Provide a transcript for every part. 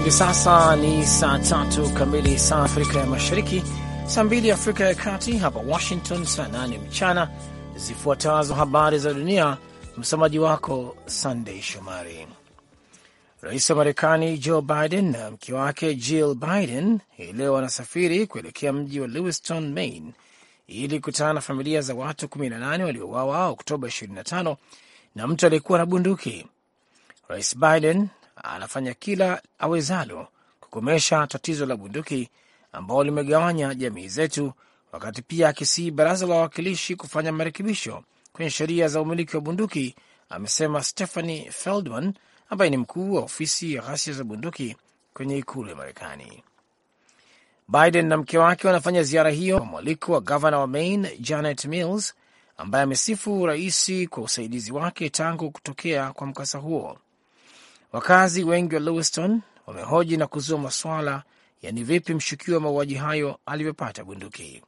Hivi sasa ni saa tatu kamili saa Afrika ya Mashariki, saa mbili Afrika ya Kati, hapa Washington saa nane mchana. Zifuatazo habari za dunia, msomaji wako Sandei Shomari. Rais wa Marekani Joe Biden na mke wake Jill Biden hii leo wanasafiri kuelekea mji wa Lewiston, Maine ili kutana na familia za watu 18 waliowawa Oktoba 25 na mtu aliyekuwa na bunduki. Rais Biden anafanya kila awezalo kukomesha tatizo la bunduki ambao limegawanya jamii zetu, wakati pia akisii baraza la wawakilishi kufanya marekebisho kwenye sheria za umiliki wa bunduki, amesema Stephanie Feldman ambaye ni mkuu wa ofisi ya ghasia za bunduki kwenye ikulu ya Marekani. Biden na mke wake wanafanya ziara hiyo kwa mwaliko wa gavana wa Maine Janet Mills ambaye amesifu rais kwa usaidizi wake tangu kutokea kwa mkasa huo. Wakazi wengi wa Lewiston wamehoji na kuzua maswala yani vipi mshukiwa wa mauaji hayo alivyopata bunduki.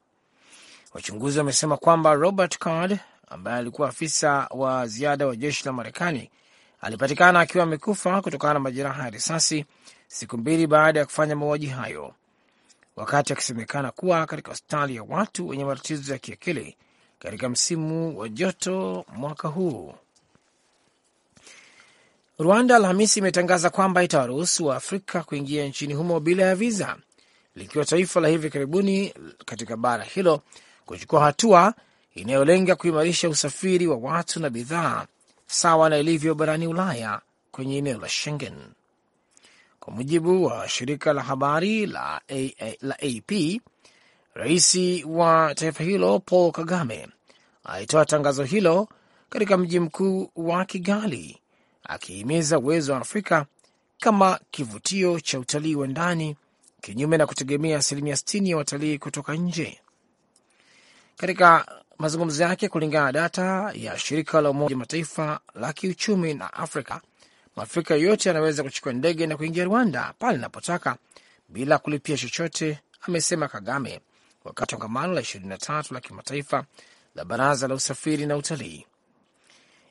Wachunguzi wamesema kwamba Robert Card ambaye alikuwa afisa wa ziada wa jeshi la Marekani alipatikana akiwa amekufa kutokana na majeraha ya risasi siku mbili baada ya kufanya mauaji hayo, wakati akisemekana kuwa katika hospitali ya watu wenye matatizo ya kiakili katika msimu wa joto mwaka huu. Rwanda Alhamisi imetangaza kwamba itawaruhusu Waafrika kuingia nchini humo bila ya viza, likiwa taifa la hivi karibuni katika bara hilo kuchukua hatua inayolenga kuimarisha usafiri wa watu na bidhaa sawa na ilivyo barani Ulaya kwenye eneo la Schengen. Kwa mujibu wa shirika la habari la, la AP, rais wa taifa hilo Paul Kagame alitoa tangazo hilo katika mji mkuu wa Kigali akihimiza uwezo wa Afrika kama kivutio cha utalii wa ndani kinyume na kutegemea asilimia 60 ya watalii kutoka nje. Katika mazungumzo yake, kulingana na data ya shirika la Umoja Mataifa la kiuchumi na Afrika, Mwafrika yoyote anaweza kuchukua ndege na kuingia Rwanda pale anapotaka bila kulipia chochote, amesema Kagame wakati wa kongamano la 23 la kimataifa la Baraza la Usafiri na Utalii.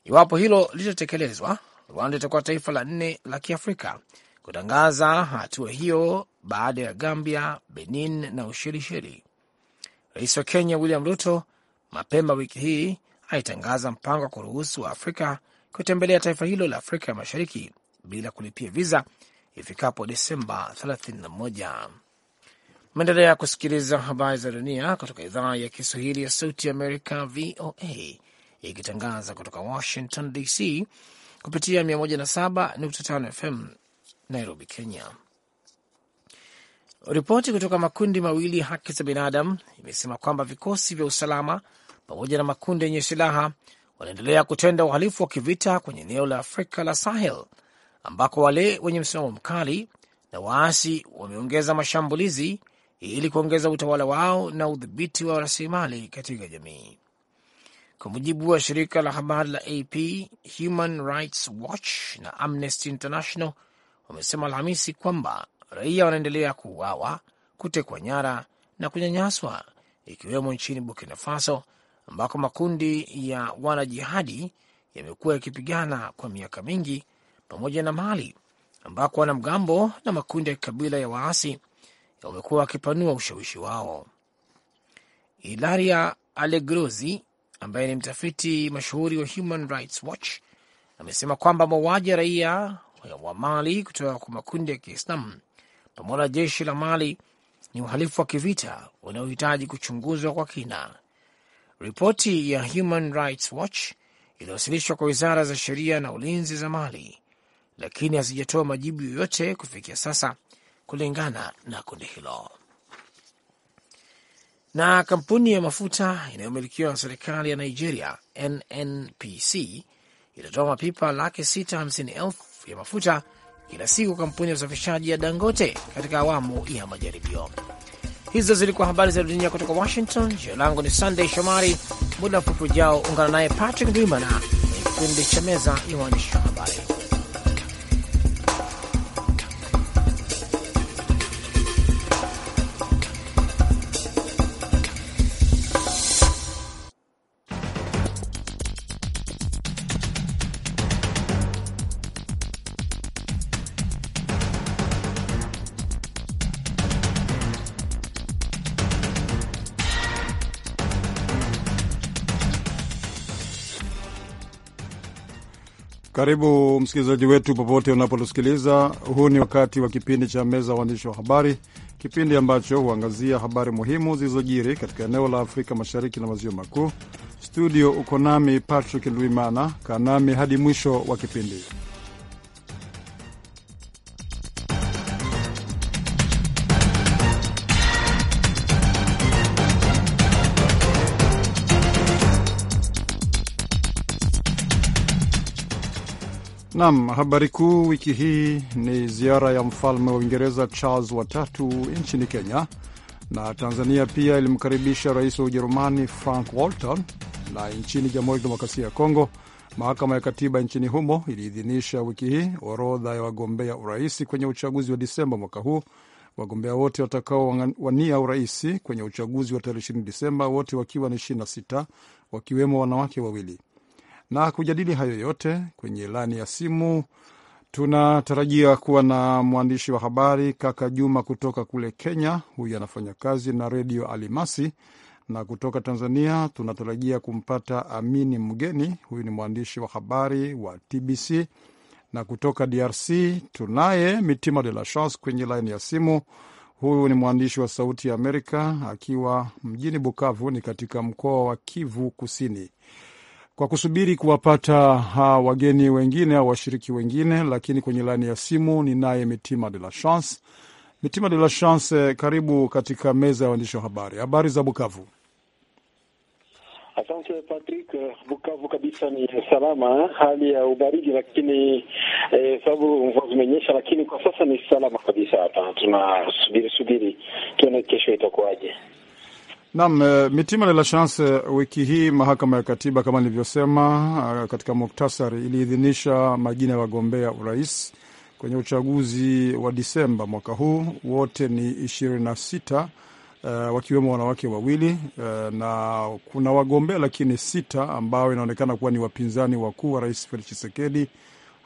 Iwapo hilo litatekelezwa, Rwanda itakuwa taifa la nne la Kiafrika kutangaza hatua hiyo baada ya Gambia, Benin na Ushelisheli. Rais wa Kenya William Ruto mapema wiki hii alitangaza mpango wa kuruhusu afrika kutembelea taifa hilo la Afrika ya Mashariki bila kulipia viza ifikapo Desemba 31. ya kusikiliza habari za dunia kutoka idhaa ya Kiswahili ya Sauti ya Amerika, VOA, ikitangaza kutoka Washington DC kupitia 107.5 FM Nairobi, Kenya. Ripoti kutoka makundi mawili ya haki za binadamu imesema kwamba vikosi vya usalama pamoja na makundi yenye silaha wanaendelea kutenda uhalifu wa kivita kwenye eneo la Afrika la Sahel ambako wale wenye msimamo mkali na waasi wameongeza mashambulizi ili kuongeza utawala wao na udhibiti wa rasilimali katika jamii. Kwa mujibu wa shirika la habari la AP, Human Rights Watch na Amnesty International wamesema Alhamisi kwamba raia wanaendelea kuuawa, kutekwa nyara na kunyanyaswa, ikiwemo nchini Burkina Faso ambako makundi ya wanajihadi yamekuwa yakipigana kwa miaka mingi, pamoja na Mali ambako wanamgambo na makundi ya kikabila ya waasi wamekuwa wakipanua ushawishi wao. Ilaria Alegrozi ambaye ni mtafiti mashuhuri wa Human Rights Watch amesema kwamba mauaji ya raia wa Mali kutoka kwa makundi ya Kiislamu pamoja na jeshi la Mali ni uhalifu wa kivita unaohitaji kuchunguzwa kwa kina. Ripoti ya Human Rights Watch iliwasilishwa kwa wizara za sheria na ulinzi za Mali, lakini hazijatoa majibu yoyote kufikia sasa kulingana na kundi hilo. Na kampuni ya mafuta inayomilikiwa na serikali ya Nigeria NNPC itatoa mapipa laki sita hamsini elfu ya mafuta kila siku kampuni ya usafishaji ya Dangote katika awamu ya majaribio. Hizo zilikuwa habari za dunia kutoka Washington. Jina langu ni Sandey Shomari. Muda mfupi ujao ungana naye Patrick Dwimana kwenye kipindi cha meza ya waandishi wa habari. Karibu msikilizaji wetu popote unapotusikiliza. Huu ni wakati wa kipindi cha meza waandishi wa habari, kipindi ambacho huangazia habari muhimu zilizojiri katika eneo la Afrika Mashariki na Maziwa Makuu. Studio uko nami Patrick Ndwimana, kaa nami hadi mwisho wa kipindi. Nam, habari kuu wiki hii ni ziara ya mfalme wa Uingereza Charles watatu nchini Kenya, na Tanzania pia ilimkaribisha rais wa Ujerumani Frank Walton. Na nchini Jamhuri ya kidemokrasia ya Kongo, mahakama ya katiba nchini humo iliidhinisha wiki hii orodha ya wagombea urais kwenye uchaguzi wa Disemba mwaka huu. Wagombea wote watakaowania urais kwenye uchaguzi wa tarehe 20 Disemba, wote wakiwa ni 26 wakiwemo wanawake wawili. Na kujadili hayo yote kwenye lani ya simu tunatarajia kuwa na mwandishi wa habari kaka Juma kutoka kule Kenya. Huyu anafanya kazi na redio Alimasi, na kutoka Tanzania tunatarajia kumpata Amini Mgeni, huyu ni mwandishi wa habari wa TBC, na kutoka DRC tunaye Mitima de la Chance kwenye laini ya simu. Huyu ni mwandishi wa Sauti ya Amerika akiwa mjini Bukavu, ni katika mkoa wa Kivu Kusini kwa kusubiri kuwapata wageni wengine au washiriki wengine. Lakini kwenye laini ya simu ni naye Mitima de la Chance. Mitima de la Chance, karibu katika meza ya waandishi wa habari. Habari za Bukavu? Asante Patrick. Bukavu kabisa ni salama, hali ya ubaridi lakini eh, sababu mvua zimenyesha, lakini kwa sasa ni salama kabisa hapa. Tunasubiri subiri tuone kesho itakuwaje. Naam, eh, mitima de la chance. Eh, wiki hii mahakama ya katiba kama nilivyosema eh, katika muktasari, iliidhinisha majina ya wagombea urais kwenye uchaguzi wa Disemba mwaka huu, wote ni ishirini na sita uh, wakiwemo wanawake wawili uh, na kuna wagombea lakini sita ambao inaonekana kuwa ni wapinzani wakuu wa rais Felix Tshisekedi.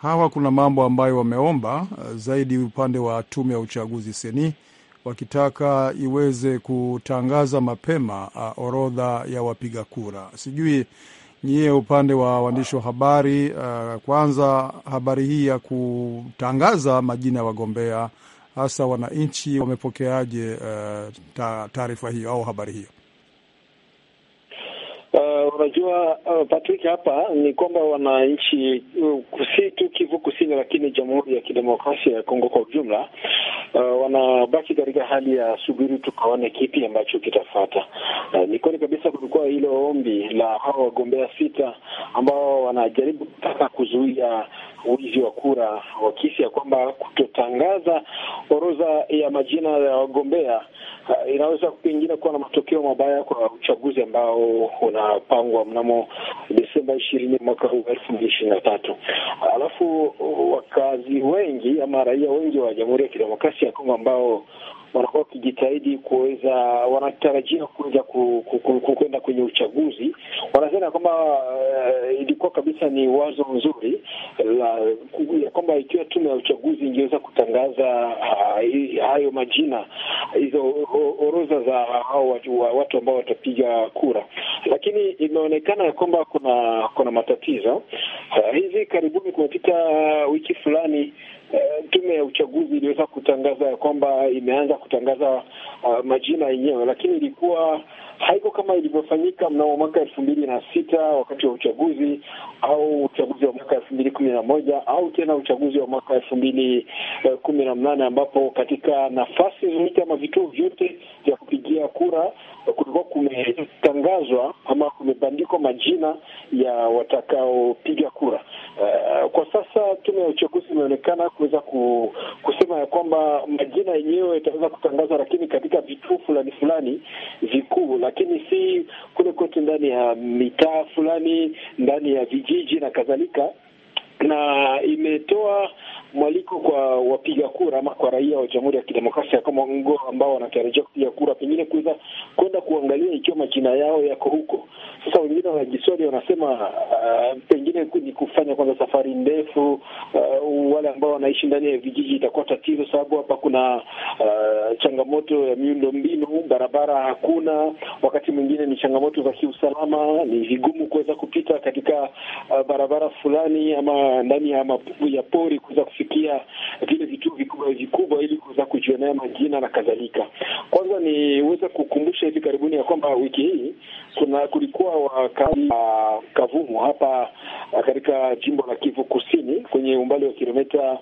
Hawa kuna mambo ambayo wameomba uh, zaidi upande wa tume ya uchaguzi seni wakitaka iweze kutangaza mapema uh, orodha ya wapiga kura. Sijui nyie upande wa waandishi wa habari uh, kwanza habari hii ya kutangaza majina ya wagombea hasa wananchi wamepokeaje uh, taarifa hiyo au habari hiyo? Uh, unajua uh, Patrick, hapa ni kwamba wananchi uh, si tu Kivu Kusini, lakini Jamhuri ya Kidemokrasia ya Kongo kwa ujumla uh, wanabaki katika hali ya subiri tukaone kipi ambacho kitafata. Uh, ni kweli kabisa kulikuwa hilo ombi la hao wagombea sita ambao wanajaribu kutaka kuzuia wizi wa kura, wakisi ya kwamba kutotangaza orodha ya majina ya wagombea uh, inaweza pengine kuwa na matokeo mabaya kwa uchaguzi ambao unapangwa mnamo Desemba ishirini mwaka huu elfu mbili ishirini na tatu. Alafu uh, wakazi wengi ama raia wengi wa Jamhuri ya Kidemokrasia ya Kongo ambao wanakuwa wakijitahidi kuweza, wanatarajia kuweza kwenda kwenye uchaguzi. Wanasema kwamba uh, ilikuwa kabisa ni wazo mzuri ya kwamba ikiwa tume ya uchaguzi ingeweza kutangaza uh, majina, hizo orodha za hao watu ambao watapiga kura, lakini imeonekana ya kwamba kuna kuna matatizo uh, hivi karibuni kumepita ah, wiki fulani Eh, tume ya uchaguzi iliweza kutangaza ya kwamba imeanza kutangaza uh, majina yenyewe, lakini ilikuwa haiko kama ilivyofanyika mnamo mwaka elfu mbili na sita wakati wa uchaguzi au uchaguzi wa mwaka elfu mbili kumi na moja au tena uchaguzi wa mwaka elfu mbili eh, kumi na mnane ambapo katika nafasi zote ama vituo vyote vya kupigia kura kulikuwa kumetangazwa ama kumebandikwa majina ya watakaopiga kura. Uh, kwa sasa tume ya uchaguzi imeonekana kuweza ku, kusema ya kwamba majina yenyewe yataweza kutangazwa, lakini katika vituo fulani fulani vikuu lakini si kule kwetu ndani ya mitaa fulani, ndani ya vijiji na kadhalika na imetoa mwaliko kwa wapiga kura ama kwa raia wa Jamhuri ya Kidemokrasia ya Kongo ambao wanatarajia kupiga kura, pengine kuweza kwenda kuangalia ikiwa majina yao yako huko. Sasa wengine wanajiswali, wanasema uh, pengine ni kufanya kwanza safari ndefu. Uh, wale ambao wanaishi ndani ya vijiji itakuwa tatizo, sababu hapa kuna uh, changamoto ya miundo mbinu, barabara hakuna, wakati mwingine ni changamoto za kiusalama, ni vigumu kuweza kupita katika uh, barabara fulani ama Uh, ndani ya mapungu ya pori kuweza kufikia vile vituo vikubwa vikubwa ili kuweza kujionea majina na kadhalika. Kwanza niweze kukumbusha hivi karibuni ya kwamba wiki hii kuna kulikuwa wakazi wa Kavumu hapa uh, katika jimbo la Kivu Kusini kwenye umbali wa kilomita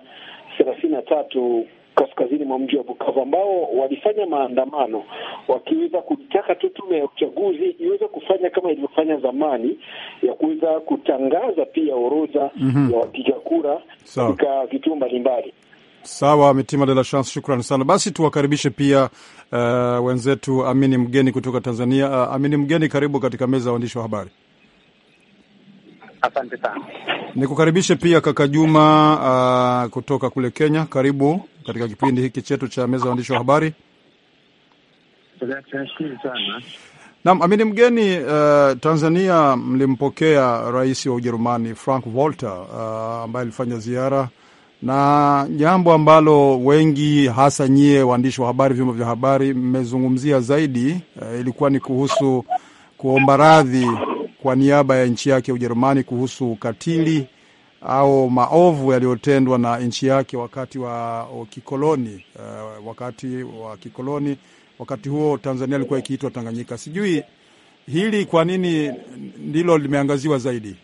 thelathini na tatu kaskazini mwa mji wa Bukavu ambao walifanya maandamano wakiweza kutaka tu tume ya uchaguzi iweze kufanya kama ilivyofanya zamani ya kuweza kutangaza pia orodha mm -hmm. ya wapiga kura katika vituo mbalimbali. Sawa, Mitima de la Chance, shukrani sana. Basi tuwakaribishe pia uh, wenzetu Amini Mgeni kutoka Tanzania. Uh, Amini Mgeni, karibu katika meza ya waandishi wa habari. Asante sana. Nikukaribishe pia kaka Juma uh, kutoka kule Kenya, karibu katika kipindi hiki chetu cha meza ya waandishi wa habari. Naam, Amini Mgeni, uh, Tanzania mlimpokea rais wa Ujerumani Frank Walter uh, ambaye alifanya ziara na jambo ambalo wengi hasa nyie waandishi wa habari, vyombo vya habari mmezungumzia zaidi uh, ilikuwa ni kuhusu kuomba radhi kwa niaba ya nchi yake Ujerumani kuhusu ukatili au maovu yaliyotendwa na nchi yake wakati wa kikoloni, uh, wakati wa kikoloni. Wakati huo Tanzania ilikuwa ikiitwa Tanganyika. Sijui hili kwa nini ndilo limeangaziwa zaidi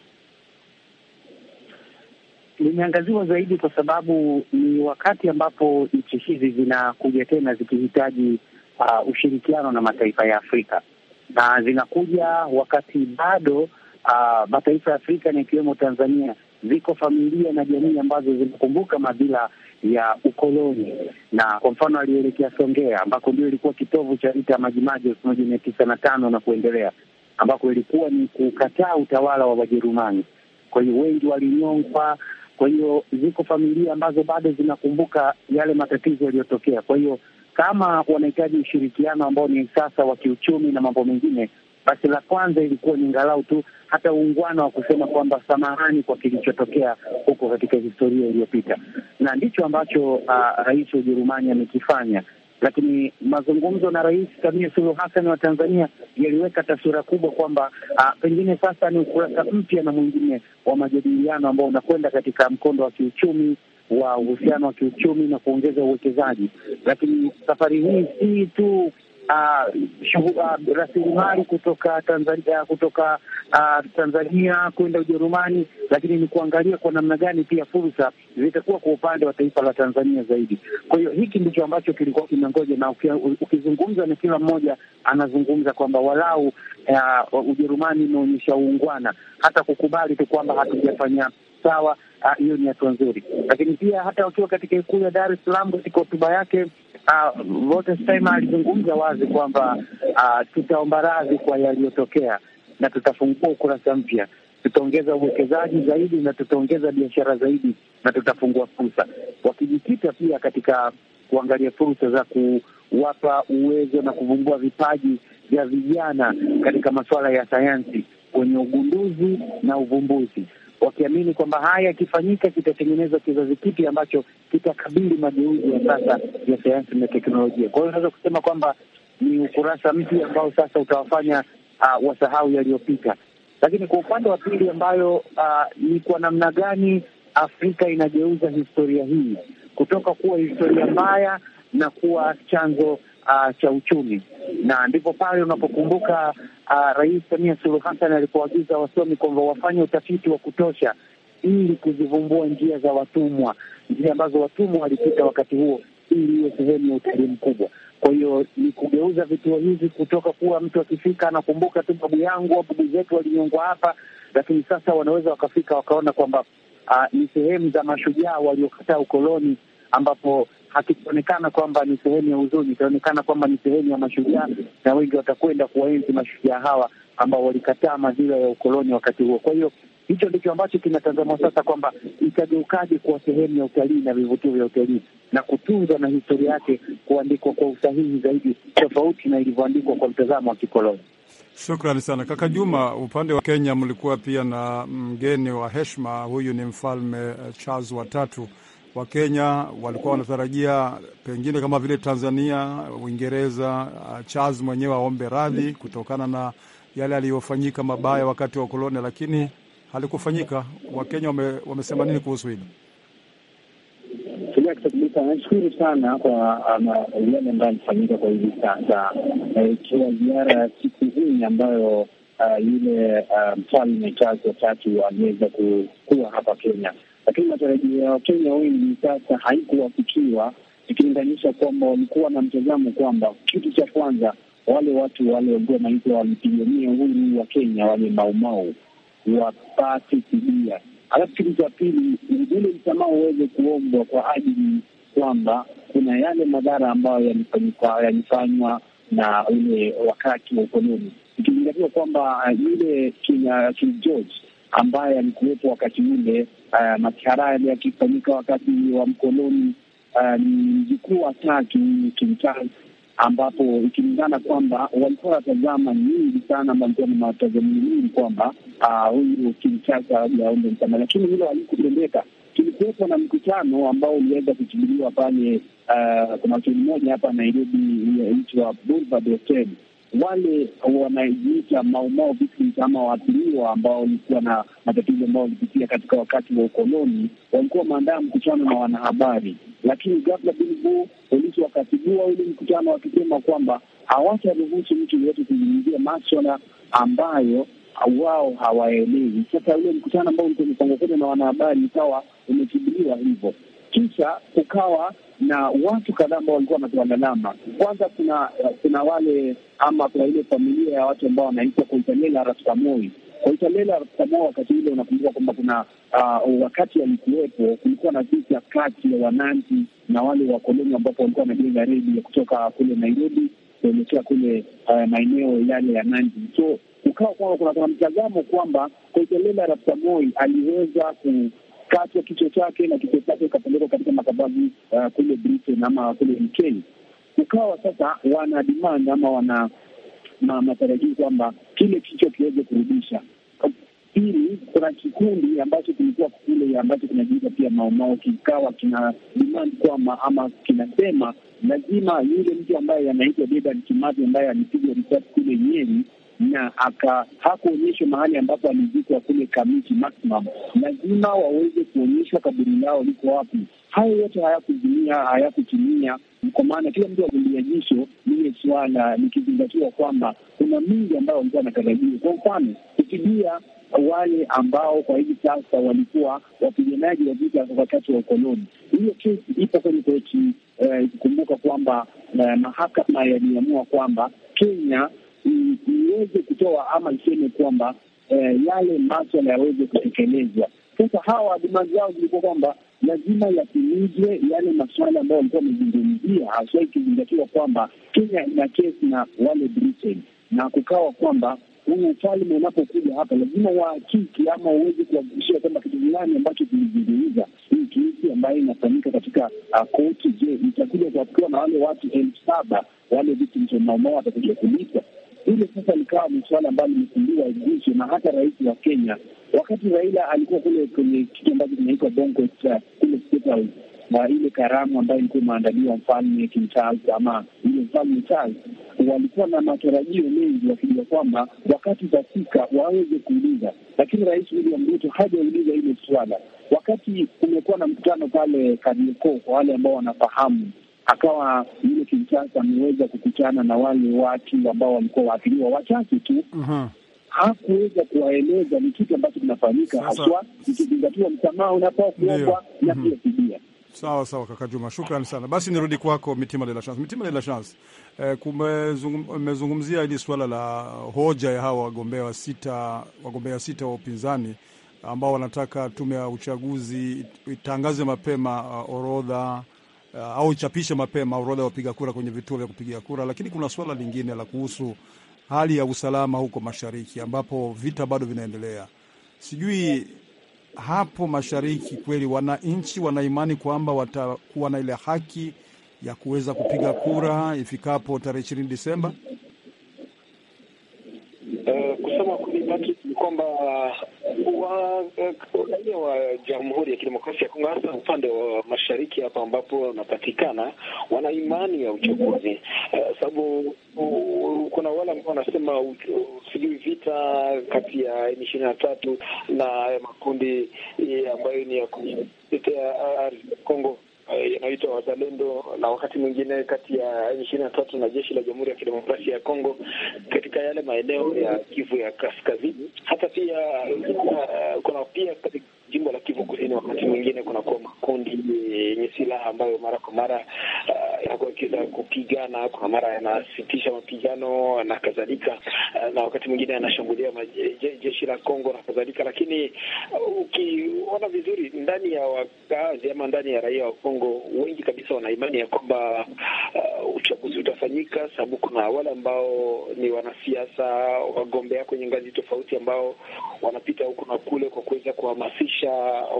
limeangaziwa zaidi kwa sababu ni wakati ambapo nchi hizi zinakuja tena zikihitaji uh, ushirikiano na mataifa ya Afrika na zinakuja wakati bado uh, mataifa ya Afrika na ikiwemo Tanzania ziko familia na jamii ambazo zinakumbuka madhila ya ukoloni, na kwa mfano alielekea Songea ambako ndio ilikuwa kitovu cha vita ya Majimaji elfu moja mia tisa na tano na kuendelea, ambako ilikuwa ni kukataa utawala wa Wajerumani. Kwa hiyo wengi walinyongwa. Kwa hiyo ziko familia ambazo bado zinakumbuka yale matatizo yaliyotokea. Kwa hiyo kama wanahitaji ushirikiano ambao ni sasa wa kiuchumi na mambo mengine basi la kwanza ilikuwa ni ngalau tu hata uungwana wa kusema kwamba samahani kwa kilichotokea huko katika historia iliyopita, na ndicho ambacho uh, rais wa Ujerumani amekifanya. Lakini mazungumzo na Rais Samia Suluhu Hassan wa Tanzania yaliweka taswira kubwa kwamba uh, pengine sasa ni ukurasa mpya na mwingine wa majadiliano ambao unakwenda katika mkondo wa kiuchumi wa uhusiano wa kiuchumi na kuongeza uwekezaji. Lakini safari hii si tu uh, uh, rasilimali kutoka Tanzania, kutoka uh, Tanzania kwenda Ujerumani, lakini ni kuangalia kwa namna gani pia fursa zitakuwa kwa upande wa taifa la Tanzania zaidi. Kwa hiyo hiki ndicho ambacho kilikuwa kinangoja, na ukizungumza na kila mmoja anazungumza kwamba walau uh, Ujerumani imeonyesha uungwana, hata kukubali tu kwamba hatujafanya sawa hiyo uh, ni hatua nzuri, lakini pia hata wakiwa katika ikulu ya Dar es Salaam katika hotuba yake Ah, Walter Steinmeier alizungumza wazi kwamba ah, tutaomba radhi kwa yaliyotokea na tutafungua ukurasa mpya, tutaongeza uwekezaji zaidi na tutaongeza biashara zaidi na tutafungua fursa, wakijikita pia katika kuangalia fursa za kuwapa uwezo na kuvumbua vipaji vya vijana katika masuala ya sayansi kwenye ugunduzi na uvumbuzi wakiamini kwamba haya yakifanyika kitatengeneza kizazi kipya ambacho kitakabili mageuzi ya sasa ya sayansi na teknolojia. Kwa hiyo unaweza kusema kwamba ni ukurasa mpya ambao sasa utawafanya uh, wasahau yaliyopita. Lakini kwa upande wa pili, ambayo uh, ni kwa namna gani Afrika inageuza historia hii kutoka kuwa historia mbaya na kuwa chanzo uh, cha uchumi, na ndipo pale unapokumbuka uh, Rais Samia Suluhu Hassan alipoagiza wasomi kwamba wafanye utafiti wa kutosha ili kuzivumbua njia za watumwa, njia ambazo watumwa walipita wakati huo, ili iwe sehemu ya utalii mkubwa. Kwa hiyo ni kugeuza vituo hivi kutoka kuwa mtu akifika anakumbuka tu babu yangu au babu zetu walinyongwa hapa, lakini sasa wanaweza wakafika wakaona kwamba ah, ni sehemu za mashujaa waliokataa ukoloni ambapo hakitaonekana kwamba ni sehemu ya huzuni, itaonekana kwamba ni sehemu ya mashujaa, na wengi watakwenda kuwaenzi mashujaa hawa ambao walikataa madhila ya ukoloni wakati huo. Kwa hiyo hicho ndicho ambacho kinatazamwa sasa, kwamba itageukaje kuwa sehemu ya utalii na vivutio vya utalii na kutunzwa na historia yake kuandikwa kwa usahihi zaidi, tofauti na ilivyoandikwa kwa mtazamo wa kikoloni. Shukrani sana kaka Juma. Upande wa Kenya mlikuwa pia na mgeni wa heshima, huyu ni mfalme Charles wa tatu Wakenya walikuwa wanatarajia pengine kama vile Tanzania, Uingereza, uh, Charles mwenyewe aombe radhi kutokana na yale aliyofanyika mabaya wakati wa koloni, lakini halikufanyika. Wakenya wame, wamesema nini kuhusu hilo? nashukuru sana kwa um, yale ambayo alifanyika kwa hivi sasa, ikiwa ziara ya siku hii ambayo uh, yule uh, mfalme Charles watatu aliweza kuwa hapa Kenya lakini matarajio ya Wakenya wengi sasa haikuwafikiwa, ikilinganisha kwamba walikuwa na mtazamo kwamba kitu cha kwanza wale watu wale walikuwa naitwa walipigania uhuru wa Kenya, wale Maumau wapate fidia, alafu kitu cha pili ule msamaha uweze kuombwa kwa ajili kwamba kuna yale madhara ambayo yalifanywa na ule wakati wa ukoloni, ikizingatiwa kwamba uh, yule kina uh, King George ambaye alikuwepo wakati ule. Uh, eh, Matiharari yakifanyika wakati wa mkoloni uh, ni mjukuu wa tatu kimtani, ambapo ikilingana kwamba walikuwa watazama nyingi sana, ambao walikuwa na matazamio mingi kwamba ah, huyu Kinshasa aombe msamaha, lakini hilo halikutendeka. Kulikuwepo na mkutano ambao uliweza kuchimbiliwa pale, eh, kuna hoteli moja hapa Nairobi inaitwa Boulevard Hotel wale wanajiita maumau victims ama waathiriwa ambao walikuwa na matatizo ambao walipitia katika wakati wa ukoloni, walikuwa wameandaa mkutano na wanahabari, lakini ghafla bilbu polisi wakatibua ule mkutano wakisema kwamba hawataruhusu mtu yeyote kuzungumzia maswala ambayo wao hawaelewi. Sasa ule mkutano ambao ulikuwa umepangwa kwenda na wanahabari ukawa umetibuliwa hivyo, kisha kukawa na watu kadhaa ambao walikuwa wanatuandalama. Kwanza kuna eh, kuna wale ama kuna ile familia ya watu ambao wanaitwa Koitanela Rastamoi. Koitanela Rastamoi, wakati ule unakumbuka kwamba kuna uh, wakati alikuwepo, kulikuwa na vita kati ya wananchi na wale wakoloni, ambapo walikuwa wanajenga reli ya kutoka kule Nairobi kuelekea kule uh, maeneo yale ya Nandi. So ukawa kwamba kuna mtazamo kwamba Koitanela Rastamoi aliweza ku ya kichwa chake na kichwa chake ukapelekwa katika makababu uh, kule Britain ama kule UK. Ukawa sasa wana demand ama wana matarajio kwamba kile kichwa kiweze kurudisha. Pili, kuna kikundi ambacho kilikuwa kule ambacho kinajiita pia Maumau, kikawa kina demand kwamba ama kinasema lazima yule mtu ambaye anaitwa Dedan Kimathi ambaye alipigwa risasi kule Nyeri na aka hakuonyeshwa mahali ambapo alizikwa kule Kamiti Maximum, lazima waweze kuonyeshwa kaburi lao liko wapi. Hayo yote hayakuzimia, hayakutimia kwa maana kila mtu agumbia jisho lile swala, likizingatiwa kwamba kuna mingi ambayo walikuwa wanatarajia, kwa mfano kutibia wale ambao kwa hivi sasa walikuwa wapiganaji wa vita wakati wa ukoloni. Hiyo kesi ipo kwenye koti, eh, ikikumbuka kwamba eh, mahakama yaliamua kwamba Kenya iweze kutoa ama iseme kwamba eh, yale maswala yaweze kutekelezwa. Sasa hawa dimandi zao zilikuwa kwamba lazima yatimizwe yale maswala ambayo walikuwa wamezungumzia, haswa ikizingatiwa kwamba Kenya ina kesi na wale Britain, na kukawa kwamba huu ufalme unapokuja hapa lazima wahakiki ama uweze kuhakikishia kwamba kitu fulani ambacho kilizungumza hii kesi ambayo inafanyika katika ah, koti, je, itakuja kuafikiwa na wale watu elfu saba wale vitu wanaomao watakuja kulipwa Hili sasa likawa ni suala ambalo limefundiwa guso na hata rais wa Kenya wakati Raila alikuwa kule kwenye kitu ambacho kinaitwa Bongo kule na ile karamu ambayo ilikuwa imeandaliwa mfalme King Charles ama ile mfalme Charles, walikuwa na matarajio mengi wakijua kwamba wakati utafika waweze kuuliza, lakini rais William Ruto hajauliza ile swala. Wakati kumekuwa na mkutano pale Kariakoo, kwa wale ambao wanafahamu akawa yule Kinshasa ameweza kukutana na wale watu ambao walikuwa waathiriwa wachache tu uh-huh hakuweza kuwaeleza ni kitu ambacho kinafanyika haswa ikizingatiwa msamaha unapaa kuombwa na pia mhm. fidia. Sawa sawa, kaka Juma, shukrani sana. Basi nirudi kwako Mitima de la Chance. Mitima de la Chance, eh, hili suala la hoja ya hawa wagombea wa sita, wagombea sita wa upinzani ambao wanataka tume ya uchaguzi itangaze mapema uh, orodha uh, au ichapishe mapema orodha ya wapiga kura kwenye vituo vya kupigia kura. Lakini kuna suala lingine la kuhusu hali ya usalama huko mashariki, ambapo vita bado vinaendelea. Sijui hapo mashariki kweli wananchi wanaimani kwamba watakuwa na ile haki ya kuweza kupiga kura ifikapo tarehe ishirini Desemba. Uh, eh, kusema kweli ni kwamba raia wa, Jamhuri ya Kidemokrasia ya Kongo, hasa upande wa mashariki hapa ambapo wanapatikana, wana imani ya uchaguzi uh, sababu kuna wale ambao wanasema sijui vita kati ya M ishirini na tatu na makundi eh, ambayo ni ya kujitetea ardhi ya Kongo yanayoitwa eh, Wazalendo na wakati mwingine kati ya ishirini na tatu na jeshi la Jamhuri ya Kidemokrasia ya Kongo katika yale maeneo ya Kivu ya Kaskazini. Hata pia uh, kuna, pia katika jimbo la Kivu Kusini, wakati mwingine kunakuwa makundi yenye silaha ambayo mara kwa mara uh, yanakuwa akiweza kupigana, kuna mara yanasitisha mapigano na kadhalika, uh, na wakati mwingine yanashambulia jeshi la Kongo na kadhalika. Lakini uh, ukiona vizuri, ndani ya wakazi ama ndani ya raia wa Kongo wengi kabisa wana imani ya kwamba uchaguzi utafanyika, sababu kuna wale ambao ni wanasiasa wagombea kwenye ngazi tofauti ambao wanapita huku na kule kwa kuweza kuhamasisha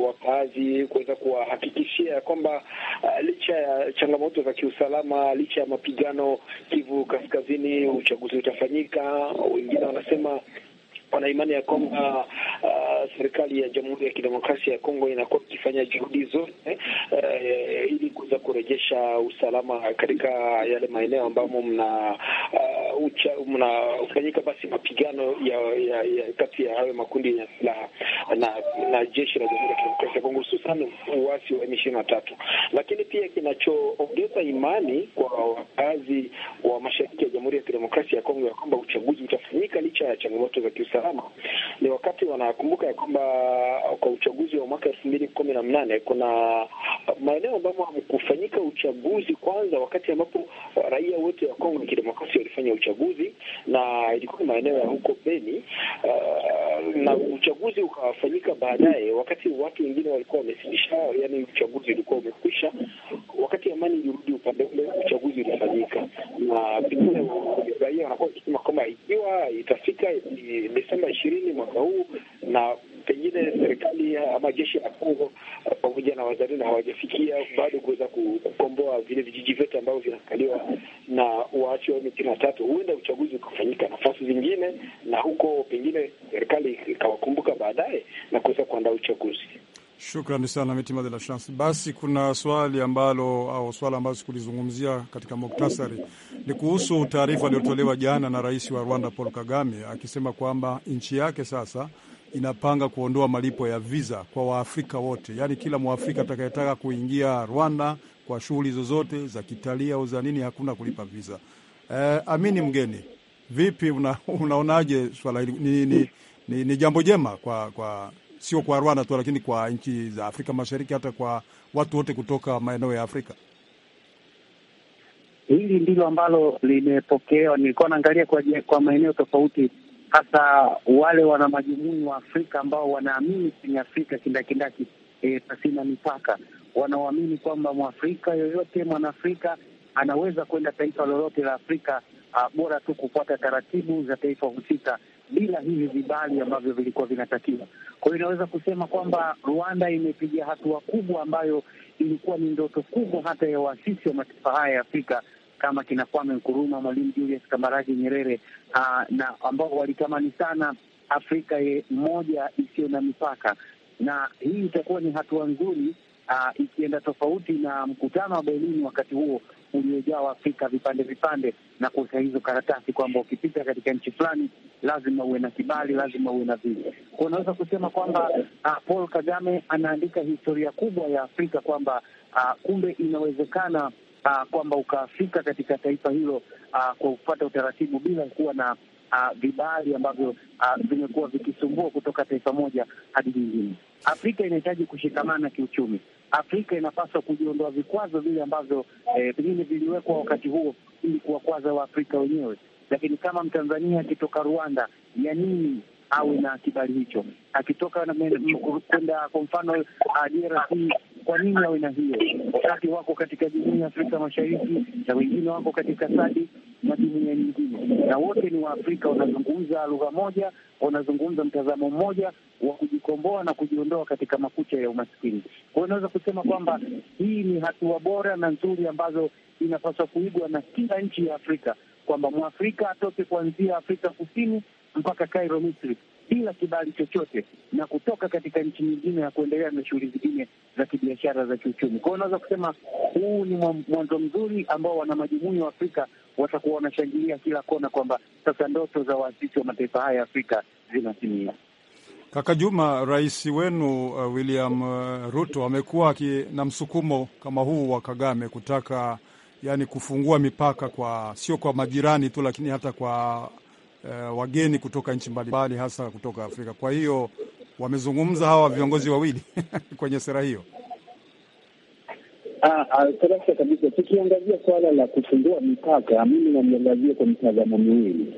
wakaazi, kuweza kuwahakikishia kwamba uh, licha ya changamoto za kiusalama, licha ya mapigano Kivu Kaskazini, uchaguzi utafanyika. Wengine wanasema wana imani ya kwamba uh, serikali ya Jamhuri ya Kidemokrasia ya Kongo inakuwa ikifanya juhudi zote uh, ili kuweza kurejesha usalama katika yale maeneo ambamo mna uh, mnafanyika basi mapigano ya, ya, ya kati ya hayo makundi ya silaha na, na jeshi la Jamhuri ya Kidemokrasia ya Kongo hususan uasi wa m tatu, lakini pia kinachoongeza imani kwa wakazi wa mashariki ya Jamhuri ya Kidemokrasia ya Kongo ya kwamba uchaguzi utafanyika licha ya changamoto za kiusalama usalama ni wakati wanakumbuka ya kwamba kwa uchaguzi wa mwaka elfu mbili kumi na mnane kuna maeneo ambapo hamkufanyika uchaguzi kwanza, wakati ambapo raia wote wa Kongo kidemokrasi walifanya uchaguzi na ilikuwa maeneo ya huko Beni. Uh, na uchaguzi ukafanyika baadaye, wakati watu wengine walikuwa wamesitisha, yani uchaguzi ulikuwa umekwisha. Wakati amani ilirudi upande ule, uchaguzi ulifanyika, na pengine raia wanakuwa wakisema kwamba ikiwa itafika Desemba ishirini mwaka huu, na pengine serikali ama jeshi la Kongo eh, pamoja na wazalendo hawajafikia bado kuweza kukomboa vile vijiji vyote ambavyo vinakaliwa na waasi wa m tatu Huenda uchaguzi ukafanyika nafasi zingine, na huko pengine serikali ikawakumbuka baadaye na kuweza kuandaa uchaguzi. Shukrani sana Mitima de la Chance. Basi kuna swali ambalo au swala ambazo sikulizungumzia katika muktasari ni kuhusu taarifa iliyotolewa jana na rais wa Rwanda Paul Kagame akisema kwamba nchi yake sasa inapanga kuondoa malipo ya viza kwa Waafrika wote, yaani kila Mwafrika atakayetaka kuingia Rwanda kwa shughuli zozote za kitalii au za nini, hakuna kulipa viza. Eh, Amini Mgeni, vipi una, unaonaje swala hili? Ni, ni, ni, ni jambo jema kwa, kwa sio kwa Rwanda tu, lakini kwa nchi za Afrika Mashariki, hata kwa watu wote kutoka maeneo ya Afrika hili ndilo ambalo limepokewa. Nilikuwa naangalia kwa, kwa maeneo tofauti, hasa wale wana majumuni wa Afrika ambao wanaamini kwenye Afrika kindakindaki e, pasina mipaka, wanaoamini kwamba mwafrika yoyote mwanaafrika anaweza kwenda taifa lolote la Afrika a, bora tu kufuata taratibu za taifa husika bila hivi vibali ambavyo vilikuwa vinatakiwa. Kwa hiyo inaweza kusema kwamba Rwanda imepiga hatua kubwa ambayo ilikuwa ni ndoto kubwa hata ya waasisi wa mataifa haya ya Afrika kama kina Kwame Nkuruma, Mwalimu Julius Kambarage Nyerere uh, na ambao walitamani sana Afrika ye moja isiyo na mipaka, na hii itakuwa ni hatua nzuri uh, ikienda tofauti na mkutano wa Berlin wakati huo uliojaa Afrika vipande vipande na kuweka hizo karatasi kwamba ukipita katika nchi fulani lazima uwe na kibali, lazima uwe na visa. Kwa unaweza kusema kwamba uh, Paul Kagame anaandika historia kubwa ya Afrika kwamba uh, kumbe inawezekana uh, kwamba ukafika katika taifa hilo uh, kwa kupata utaratibu bila kuwa na uh, vibali ambavyo uh, vimekuwa vikisumbua kutoka taifa moja hadi jingine. Afrika inahitaji kushikamana kiuchumi. Afrika inapaswa kujiondoa vikwazo vile ambavyo eh, pengine eh, viliwekwa wakati huo ili kuwakwaza Waafrika wenyewe. Lakini kama Mtanzania akitoka Rwanda, ya nini awe na kibali hicho? Akitoka kwenda kwa mfano DRC kwa nini awe na hiyo, wakati wako katika jumuiya ya Afrika Mashariki na wengine wako katika sadi na jumuiya nyingine, na wote ni Waafrika, wanazungumza lugha moja, wanazungumza mtazamo mmoja wa kujikomboa na kujiondoa katika makucha ya umaskini. Kwa hiyo unaweza kusema kwamba hii ni hatua bora na nzuri ambazo inapaswa kuigwa na kila nchi ya Afrika, kwamba Mwafrika atoke kuanzia Afrika Kusini mpaka Cairo, Misri bila kibali chochote na kutoka katika nchi nyingine na kuendelea na shughuli zingine za kibiashara za kiuchumi. Kwa hiyo unaweza kusema huu ni mwanzo mzuri ambao wana majumuiya wa Afrika watakuwa wanashangilia kila kona kwamba sasa ndoto za waasisi wa mataifa haya ya Afrika zinatimia. Kaka Juma, rais wenu uh, William uh, Ruto amekuwa na msukumo kama huu wa Kagame kutaka yani kufungua mipaka kwa sio kwa majirani tu, lakini hata kwa uh, wageni kutoka nchi mbalimbali hasa kutoka Afrika. Kwa hiyo wamezungumza hawa viongozi wawili kwenye sera hiyo. Karasa ah, ah, kabisa, tukiangazia suala la kufungua mipaka, mimi naliangazia kwa mitazamo miwili.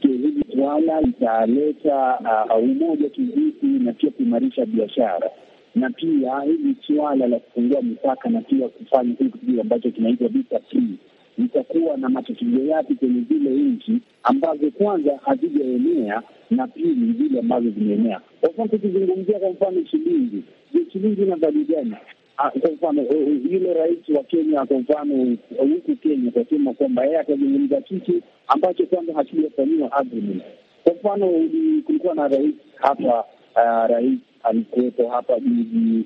Hili swala litaleta ah, umoja kivipi, na pia kuimarisha biashara, na pia hili swala la kufungua mipaka na pia kufanya kile kitu ambacho kinaitwa visa free itakuwa na matatizo yake kwenye zile nchi ambazo kwanza hazijaenea na pili zile ambazo zimeenea. Kwa mfano tukizungumzia kwa mfano shilingi, je, shilingi ina dhali gani? Ah, kwa mfano eh, eh, yule rais wa Kenya, kwa mfano eh, huku Kenya kasema kwamba yeye atazungumza kitu ambacho kwanza hakijafanyiwa agreement. Kwa mfano kulikuwa na rais hapa, ah, rais alikuwepo hapa juzi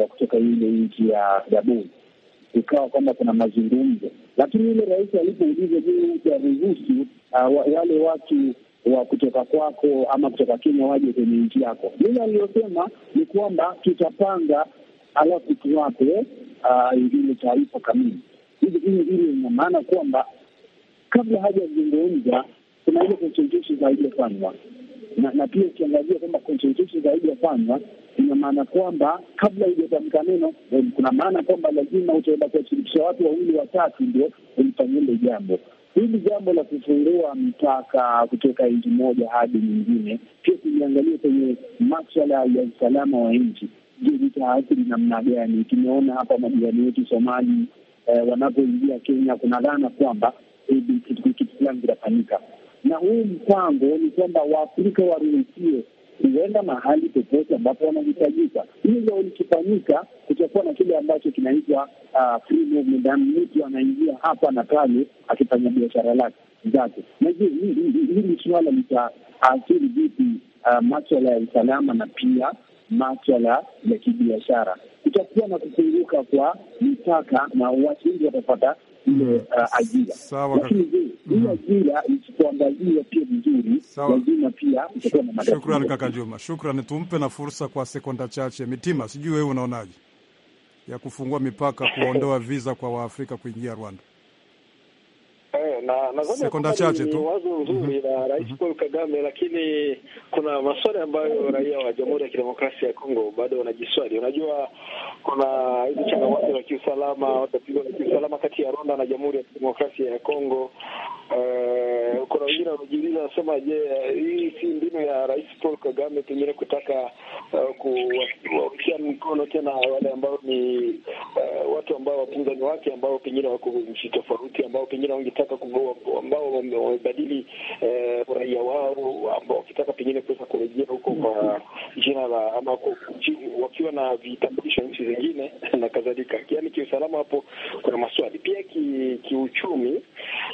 wa kutoka ile nchi ya Gabon ikawa kwamba kuna mazungumzo, lakini yule rais alipoulizwa juu ya ruhusu ah, wale watu wa kutoka kwako ama kutoka Kenya waje kwenye nchi yako, lile aliyosema ni kwamba tutapanga, alafu tuwape ah, ile taarifa kamili. Hiyo hili ina maana kwamba kabla hajazungumza kuna ile consultation haijafanywa, na pia ukiangazia kwamba consultation haijafanywa ina maana kwamba kabla hujatamka neno, um, kuna maana kwamba lazima utaenda kuwashirikisha watu wawili watatu ndio ulifanya ile jambo. Hili jambo la kufungua mpaka kutoka nchi moja hadi nyingine, pia tuliangalia kwenye maswala ya usalama wa nchi. Je, litaathiri namna gani? Tumeona hapa majirani wetu Somali eh, wanapoingia Kenya, kuna dhana kwamba eh, kitu fulani kitafanyika, na huu mpango ni kwamba Waafrika waruhusiwe kuenda mahali popote ambapo wanahitajika. Hilo likifanyika, kutakuwa na kile ambacho kinaitwa free movement, yaani mtu anaingia hapa na pale akifanya biashara lake zake. Na je, hili suala litaathiri vipi uh, maswala ya usalama na pia maswala ya kibiashara? Kutakuwa na kupunguka kwa mipaka na watu wengi watapata ile uh, ajira. Lakini je, hii mm-hmm. ajira isipoangaliwa pia vizuri, lazima pia itakuwa na matatizo. Shukrani kaka Juma, shukran. Tumpe na fursa kwa sekonda chache Mitima, sijui wewe unaonaje ya kufungua mipaka kuondoa viza kwa Waafrika kuingia Rwanda? Eh, na sekonda chache tu, wazo nzuri mhm. la Rais mhm. Paul Kagame, lakini kuna maswali ambayo mm. raia wa Jamhuri ya Kidemokrasia ya Kongo bado wanajiswali. Unajua, kuna hizi changamoto za kiusalama, tatizo la kiusalama kati ya Rwanda na Jamhuri ya Kidemokrasia ya Kongo. Uh, eh, kuna wengine wamejiuliza, wanasema je, hii si mbinu ya Rais Paul Kagame pengine kutaka uh, eh, kuwatia mkono tena wale ambao ni uh, watu ambao wapinzani wake ambao pengine wako nchi tofauti ambao pengine wangetaka wakitaka ambao wamebadili eh, uraia wao, ambao wakitaka pengine kuweza kurejea huko kwa jina la ama wakiwa na vitambulisho nchi zingine na kadhalika. Yani kiusalama hapo kuna maswali pia, kiuchumi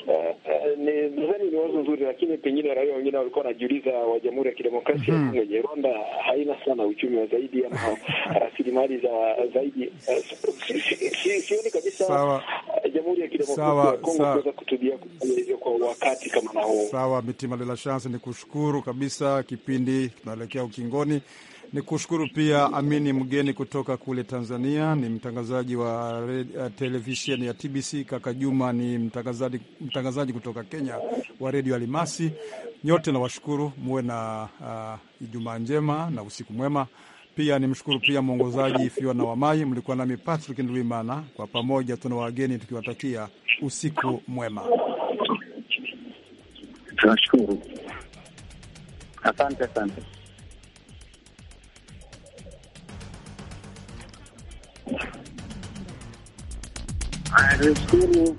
Ki uh, uh, nadhani ni wazo nzuri, lakini pengine raia wengine walikuwa wanajiuliza wa Jamhuri ya Kidemokrasia mm -hmm. yenye Rwanda haina sana uchumi wa zaidi ama rasilimali za zaidi. Eh, sioni kabisa Jamhuri ya Kidemokrasia ya Kongo kuweza kutu kusaidia kufanya hivyo kwa wakati kama na huu. Sawa, Mitima de la Chance, ni kushukuru kabisa, kipindi kinaelekea ukingoni. Ni kushukuru pia Amini Mgeni kutoka kule Tanzania, ni mtangazaji wa eh, televisheni ya TBC. Kaka Juma ni mtangazaji, mtangazaji kutoka Kenya wa redio Alimasi. Nyote nawashukuru, muwe na uh, Ijumaa njema na usiku mwema. Pia nimshukuru pia mwongozaji Fiona Wamai. Mlikuwa nami Patrick Ndwimana, kwa pamoja tuna wageni tukiwatakia usiku mwema. Tunashukuru, asante, asante. Nashukuru.